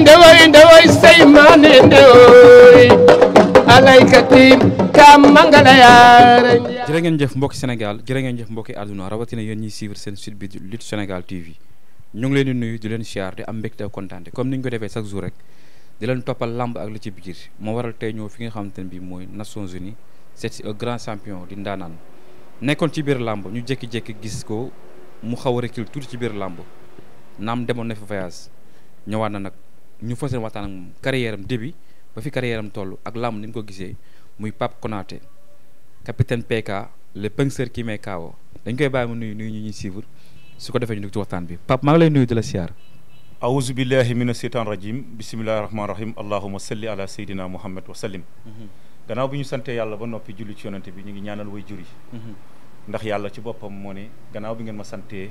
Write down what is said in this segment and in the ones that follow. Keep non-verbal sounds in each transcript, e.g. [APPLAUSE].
ndeway ndeway ndeway seymane ndewoy alaykatim kam mangala yaara jere ngeen jëf mbokki Sénégal jere ngeen jëf mbokki àdduna rawatina yeen ñi suivre sen suite bi lit Sénégal TV ñu ngi leen di nuyu di leen xiar di am bekté contenté comme niñ ko défé chaque jour rek di leen topal lamb ak li ci biir mo waral tay ñoo fi nga xamante bi moy Nations Unies c'est un grand champion di ndanan nekkon ci biir lamb ñu jekki jekki gis ko mu xaw a tout ci biir lamb nam demone fi voyage ñewana nak ñu fas yéene waxtaan ak moom carrière ba fi carrière am ak làmb ni mu ko gisee muy Pape Konaté capitaine PK le penseur qui met KO dañ koy bàyyi mu nuyu nuyu ñu ñuy suivre su ko defee ñu dugg ci waxtaan bi Pape maa lay nuyu di la siyaar awuzu billahi mina seytaan rajim bisimillahi rahmaani rahim allahuma salli ala seydina muhammad wa mhm. gannaaw bi ñu sante yàlla ba noppi julli ci yonante bi ñu ngi ñaanal way jur mhm. ndax yàlla ci boppam moo ne gannaaw bi ngeen ma santee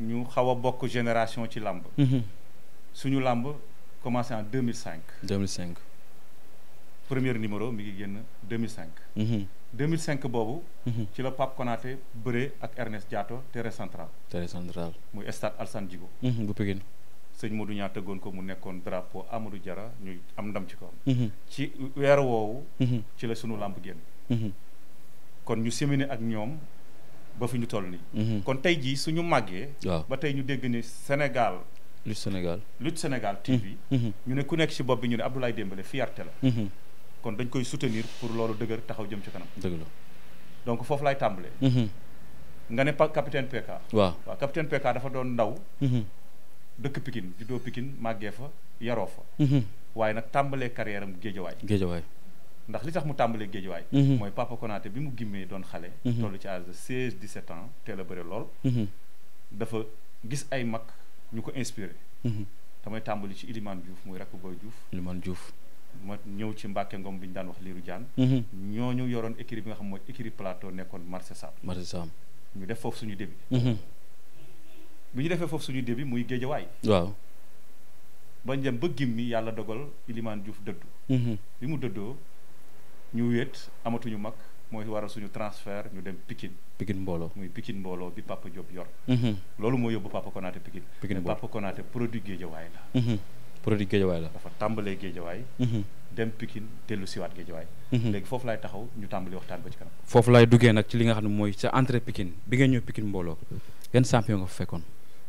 ñu xaw a bokk génération ci làmb mhm. suñu làmb commencé en 2005. 2005. premier mi ngi génn 2005. 2005 mhm. boobu. Mhm. ci la Pape Konaté bëree ak Ernest Diato terrain central. terrain central. muy stade Alassane Djigo. bu Pikine. sëñ Modou ñaa tëggoon ko mu nekkoon drapeau Amadou Diarra ñuy am ndam ci ko ci weer woowu. ci la sunu làmb génn. kon ñu séminé ak ñoom ba fi ñu toll nii. Mhm. kon tey jii suñu màggee. ba tey ñu dégg ni Sénégal. Lutte Sénégal Lutte Sénégal TV. Mhm. Mhm. ñu ne ku nekk ci bopp bi ñu ne Abdoulaye fi fierté la. kon dañ koy soutenir pour loolu dëgër taxaw jëm ci kanam. dëgg la donc foofu laay tàmbalee. nga ne pa capitaine PK. waaw waaw capitaine PK dafa doon ndaw. dëkk Pikine juddoo Pikine màggee fa yaroo fa. waaye nag tàmbalee carrière am Géejawaay. Géejawaay. ndax li tax mu tàmbalee géejuwaay mhm. mooy Papa Konaté bi mu gimmee doon xale mhm. toll ci âge de seize dix sept ans teel a bëri lool mhm. dafa gis ay mag ñu ko inspiré damay tàmbali ci Ilimane Diouf muy rakk Boy Diouf Ilimane Diouf ma ñëw ci Mbàkke Ngom bi ñu daan wax Liiru Jaan ñu yoroon écurie bi nga xam mooy écurie plateau nekkoon marché Sam marché Sam ñu def foofu suñu début bi ñu defee foofu suñu début muy géejawaay waaw bañ dem ba gimmi yàlla dogal Ilimane Diouf dëddu ñu wéet amatuñu mag mooy waral suñu transfert ñu dem Pikine. Pikine mbooloo muy Pikine mbooloo bi Papa Diop yor. Mhm. loolu moo yóbbu Papa Konaté Pikine. Pikine Papa la. Mhm. produit géejawaay dafa tàmbalee géejawaay. Mhm. dem Pikine dellu siwaat géejawaay. léegi foofu laay taxaw ñu tàmbali waxtaan ba ci kanam. foofu laay duggee nag ci li nga xam ne mooy sa entrée Pikine bi nga ñëw Pikine mbooloo yan champion nga fa fekkoon.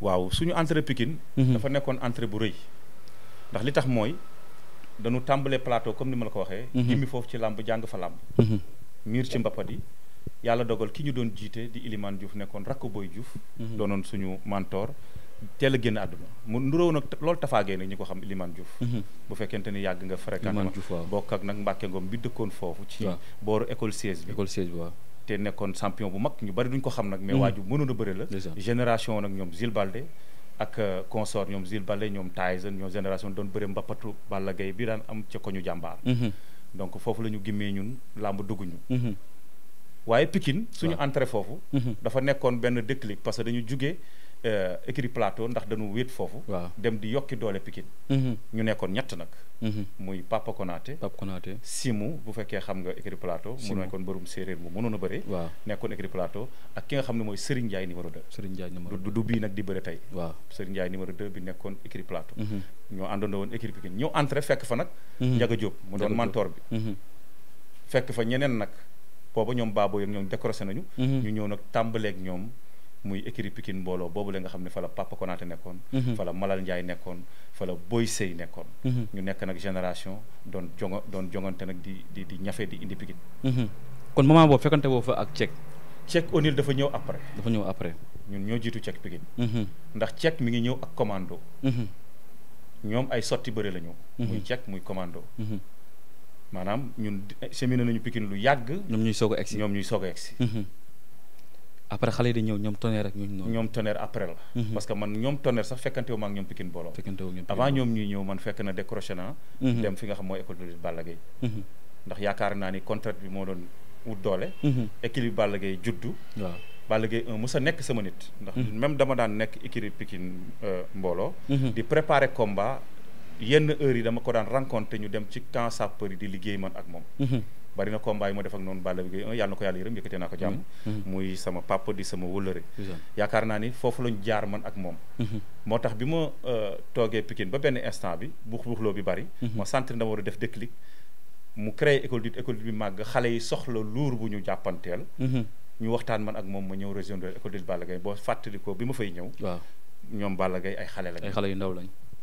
waaw suñu entrée Pikine. dafa nekkoon entrée bu rëy ndax li tax mooy. dañu tàmbale plateau comme ni ma la ko waxee. Mhm. jimmi foofu ci làmb jàng fa làmb. Mhm. miir ci mbappat yi yàlla dogal ki ñu doon jiite di Ilimane Diouf nekkoon rakk Boy Diouf. Mhm. doonoon suñu mentor. teel a génn àdduna mu nuroo nag loolu tafaagee nag ñu ko xam Ilimane Diouf bu fekkent ni yàgg nga fréquent bokk ak nag Mbàkke Ngom foofu ci booru école siège bi école siège bi te nekkoon champion bu mag ñu bari duñ ko xam nag mais waaju mënoon a bëri la génération nag ñoom Zil ak euh, consort ñoom Zil Bale ñoom Tyson ñoom génération doon bëri mbappatu Balla Gaye bi daan am ca koñu jàmbaar mhm. donc foofu la ñu gimmee ñun làmb dugguñu mhm. waaye Pikine suñu entrée foofu mhm. dafa nekkoon benn déclic parce dañu jugee Euh, écrit plateau ndax dañu wéet foofu. waaw dem di yokki doole Pikine. Mhm. ñu nekkoon ñett nag. Mhm. muy Papa Konaté. Papa Konaté Simu bu fekkee xam nga écrit plateau. Simu mu nekkoon bërum séeréer mu mënoon a bëre. waaw nekkoon écrit plateau ak ki nga xam ne mooy Serigne Ndiaye numéro 2. du bii nag di bëre tey. waaw Serigne Ndiaye numéro bi nekkoon écrit plateau. Mhm. ñoo àndandoo woon écrit Pikine ñëw entré fekk fa nag. Ndiaga mu doon mentor bi. fekk fa ñeneen nag booba ñoom baaboo yeeg ñoom décroché muy écurie Pikine mbooloo boobu la nga xam ne fa la Papa Konaté nekkoon mhm. fa la Malal Ndiaye nekkoon fa la Boy Sey nekkoon mhm. ñu nekk nag génération doon jongo doon jongante nag di di di ñafe di indi Pikine mhm. kon moment boobu fekkante boo fa ak Cheikh Cheikh Onil dafa ñëw après dafa ñëw après ñun ñoo jiitu Cheikh Pikine ndax Cheikh mi ngi ñëw ak commando ñoom ay sotti bëre la muy Cheikh muy commando maanaam ñun cheminé eh, nañu Pikine lu yàgg ñoom ñuy soog a ñoom ñuy soog a après xalé di ñew ñom tonner ak ñooñu noonu. ñom tonner après la. Mhm. parce que man ñom tonner sax fekkante wu ma ak ñoom Pikine Bolo. fekkante wu ñoom avant ñom ñuy ñew man fekk na décrocher na mhm. dem fi nga xam moy école de Balla Gaye mhm. ndax yaakar na ni contrat bi mo doon wu doole. équilibre Balla Gaye juddu. waaw Balla Gaye un musa nek sama nit. ndax même dama daan nek équipe Pikine euh, Mbolo. di préparer combat yenn heure yi dama ko daan rencontrer ñu dem ci camp sapeur di liggéey man ak mom bari na combat yi ma def ak noonu Balla Gaye 1 yàlla na ko yàlla yërëm yëkkatee naa ko jàmm mm-hmm. Mm-hmm. muy sama papa sama wëllëre yaakaar naa ni foofu lañu jaar man ak moom mm-hmm. moo tax bi ma euh, toogee Pikine ba benn instant bi buux buuxloo bi bari ma sentir na war a def déclic mu créé école d'élite école d'élite bi xale yi soxla luur bu ñu jàppanteel ñu waxtaan man ak moom ma ñëw région de école d'élite Balla Gaye boo fàttalikoo bi ma fay ñëw ñoom Balla Gaye ay xale lañ ay xale yu ndaw lañ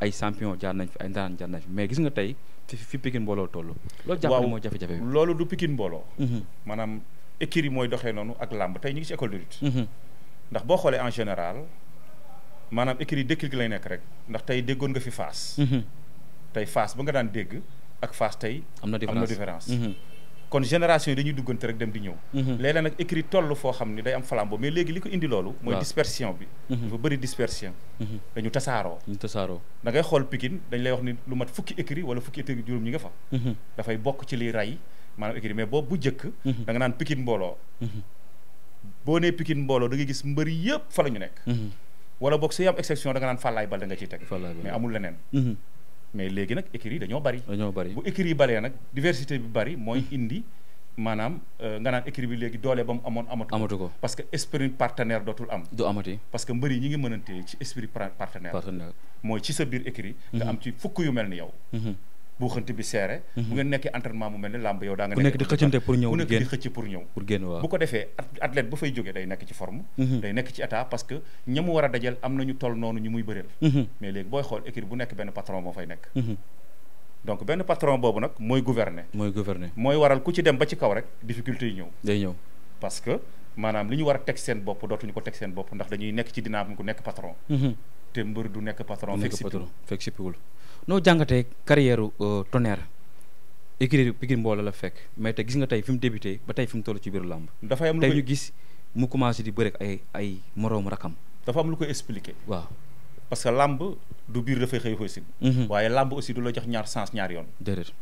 ay champion jaar nañ fi ay ndaraan jaar fi mais gis nga tey fi fi Pikine mbooloo toll. loolu jàpp ne moo jafe-jafe bi loolu du Pikine mbooloo. Mhm. maanaam écurie mooy doxee noonu ak làmb tey ñu ngi école de lutte. Mhm. ndax boo xoolee en général maanaam écurie déclic lay nekk rek ndax tey déggoon nga fi Fass. Mhm. tey Fass ba nga daan dégg ak Fass tey. na différence am na différence. kon génération yi dañuy duggante rek dem di ñëw mhm. léeg-léeg écrit toll foo xam ne day am flambeau mais léegi li ko indi loolu mooy dispersion bi mhm. dafa bëri dispersion mhm. dañu tasaaroo xool Pikine dañ lay wax ni lu mat fukki écrit wala fukki écrit juróom ñi nga fa dafay bokk ci liy ray maanaam écrit mais boobu bu jëkk da nga naan Pikine mbooloo boo nee Pikine mbooloo da gis mbëri yëpp fa la ñu nekk wala boog su am exception da nga naan Fallaye Baldé nga ciy mais léegi nag écuries dañoo bari. dañoo bari bu écuries yi baree nag diversité bi bari mooy hmm. indi maanaam euh, nga naan écurie bi léegi doole ba mu amoon amatu ko. ko parce que esprit partenaire dootul am. du amati parce que mbër yi ñi ngi mënantee ci esprit partenaire. partenaire mooy ci sa biir écurie. nga hmm. am ci fukk yu mel ni yow. Hmm. bu bi seere bu mhm. ngeen nekkee entraînement mu mel ne làmb yow daa nga nekk di xëccante pour ñëw ku nekk di xëcc pour ñëw bu ko defee athlète ba fay jógee day nekk ci forme mhm. day nekk ci état parce que ña war a dajal am nañu toll noonu ñu muy bëreel mhm. mais léegi booy xool équipe bu nekk benn patron moo fay nekk donc benn patron boobu nag mooy gouverner mooy waral ku ci dem ba ci kaw rek difficulté yi ñëw day ñëw parce que maanaam li ñu war a teg seen te mbër du nekk patron. fekk euh, la fekk mais te gis nga tey fi mu débuté ba tey fi mu toll ci biir làmb. dafay di bëreek ay ay moroomu rakam. dafa am lu koy expliqué. waaw du biir dafay xëy si. Mhm. waaye làmb aussi du la jox ñaar sens ñaar yoon. déedéet.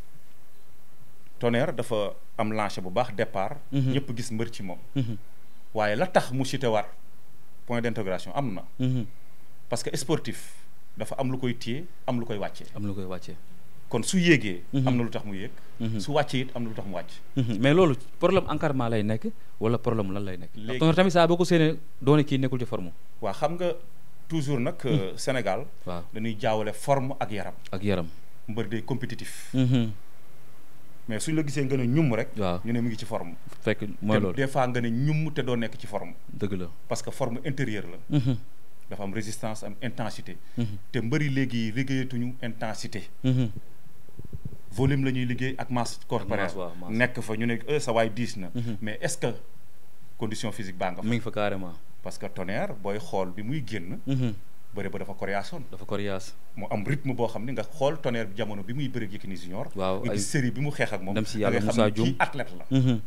Tonnerre dafa am lancé bu baax départ. Mhm. ñëpp gis mbër ci moom. Mhm. waaye la tax mu cité war point d'intégration am na. parce que sportif dafa am lu koy tiye am lu koy wàccee. am lu koy wàccee. kon su yéegee. Mhm. am na lu tax mu yéeg. Mhm. su wàccee it am na lu tax mu wàcc. Mhm. mais loolu problème encadrement lay nekk wala problème lan lay nekk. léegi tonton tamit saa boo ko séenee doone kii nekkul ci forme. waaw xam nga toujours nag. Euh, Sénégal. waaw dañuy jaawale forme ak yaram. ak yaram mbër day compétitif. mais suñ la gisee nga ne ñum rek. waaw ñu ne mu ngi ci forme. fekk mooy loolu des fois nga ne ñum te doo nekk ci forme. dëgg la parce que forme intérieure la. dafa am résistance am intensité. Mhm. te mbëri léegi liggéeyatuñu intensité. Mhm. volume lañuy ñuy liggéey ak masse corporelle. nekk fa ñu ne eh, sa waay 10 na. Mhm. mais est-ce que condition physique ba nga fa. mi fa carrément. parce que tonnerre boy xol bi muy génn. bëre ba dafa coriace dafa coriace. mu am rythme boo xam ne nga xool tonnerre jamono bi muy bëre Yékini Junior. waaw ay série bi mu xeex ak moom. dem si yàlla Moussa Dioum da nga xam ne athlète la.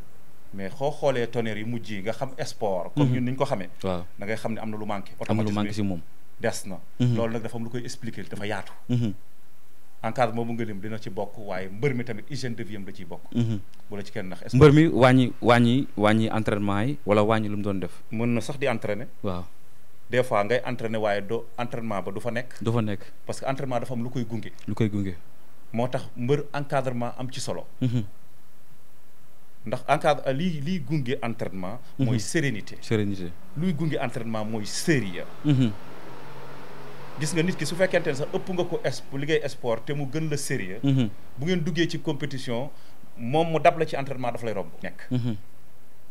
mais xoo xoolee tonnerre yi mujj yi nga xam sport. comme mhm. ñun ni ñu ko xamee. waaw da ngay xam ne am na lu manqué. am na lu manqué si moom des na. Mhm. loolu nag dafa lu koy expliquer dafa yaatu. encadrement mhm. boobu nga lim dina ci bokk waaye mbër mi tamit hygiène de vie am ciy bokk. bu ci kenn ndax. mbër mi wàññi wàññi wàññi entraînement yi wala wàññi lu mu doon def. mën na sax di entraîner. des fois ngay entraîner waaye do ba du fa nekk. du nekk parce que entraînement dafa lu koy gunge. lu koy gunge. moo tax mbër encadrement am ci solo. ndax encadre lii lii gunge entraînement. Mhm. mooy sérénité. sérénité luy gunge entraînement mooy sérieux. Mhm. gis nga nit ki su fekkente ne sax ëpp nga ko es li ngay te mu gën la sérieux. Mhm. bu ngeen duggee ci compétition moom mu dab la ci entraînement dafa lay romb nekk.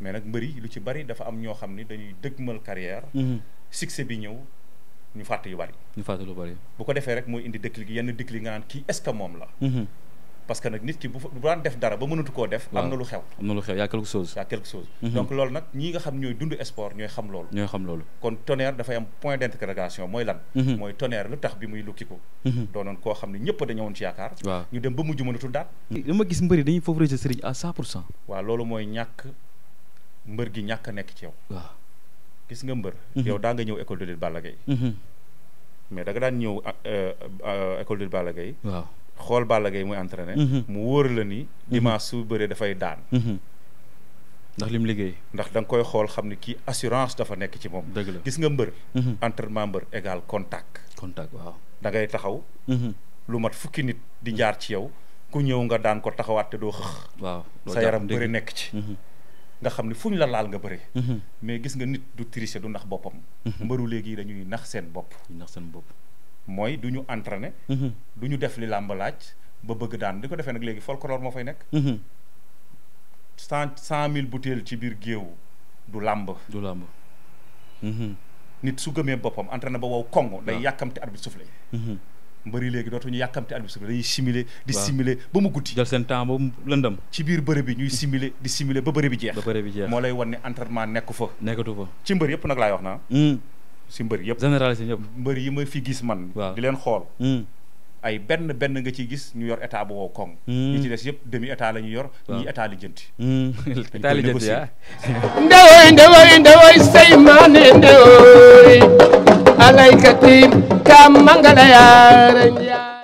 mais nag mbëri lu ci bari dafa am ñoo xam ni dañuy dëgg dëgmal carrière. succès bi ñëw ñu fàtte yu bari. ñu fàtte lu bari. bu ko defee rek mooy indi déclic yenn déclic nga naan kii est-ce que moom la. parce que nag nit ki bu fa bu daan def dara ba mënatu koo def. am na lu xew am na lu xew y' a quelque chose. y' a quelque chose. Mhm. donc loolu nag ñi nga xam ñooy dund sport ñooy xam loolu. kon Tonnerre dafay am point d' mooy lan. Mhm. mooy Tonnerre lu tax bi muy lukki ko. Mhm. doonoon koo xam ne ñëpp dañoo woon ci yaakaar. ñu dem ba mujj mënatul daal. li gis mbëri dañuy favoriser Serigne à 100 pour cent. waaw loolu mooy ñàkk mbër gi ñàkk a nekk ci yow. waaw gis nga mbër. yow daa nga ñëw école de Balla mais da nga daan ñëw euh, euh, école de lutte xool Balla Gaye muy entraîné. Mhm. mu wóor la ni. Mhm. dimanche su bëree dafay daan. Mhm. ndax lim liggéey. ndax da nga koy xool xam ne kii assurance dafa nekk ci moom. dëgg la gis nga mbër. entraînement mbër égal contact. contact waaw da ngay taxaw. lu mat fukki nit di jaar ci yow ku ñëw nga daan ko taxawaat te doo xëx. waaw sa yaram bëri nekk ci. nga xam ne fu ñu la laal nga bëre. mais gis nga nit du tricher du nax boppam. mbëru léegi dañuy nax seen bopp. nax seen bopp. mooy du ñu entraîner. Mhm. du ñu def li làmb laaj ba bëgg daan di ko defee nag léegi folklore moo fay nekk. Mhm. cent cent mille butéel ci biir géew du làmb. du làmb. Mhm. nit su gëmee boppam entraîné ba wow kongo day yàkkamti arbitre soufflé. mbëri léegi dootuñu yàkkamti arbitre soufflé dañuy simuler. di simuler ba mu guddi. jël seen temps ba mu lëndam. ci biir bëre bi ñuy simuler di simuler ba bëre bi jeex. ba bëre moo lay wan ne entraînement nekku fa. nekkatu fa ci mbër yëpp nag laay wax naa. si mbër yëpp mbër yi ma fi gis man. di leen xool. Hmm. ay benn benn nga ci gis ñu yor état bu wow koŋ. Hmm. ñi ci des yëpp demi état la ñu yor. waaw ñii état li jënti. Hmm. [LAUGHS] état li jënti ah. [LAUGHS] ndewoy ndewoy ndewoy say maane mangala yaara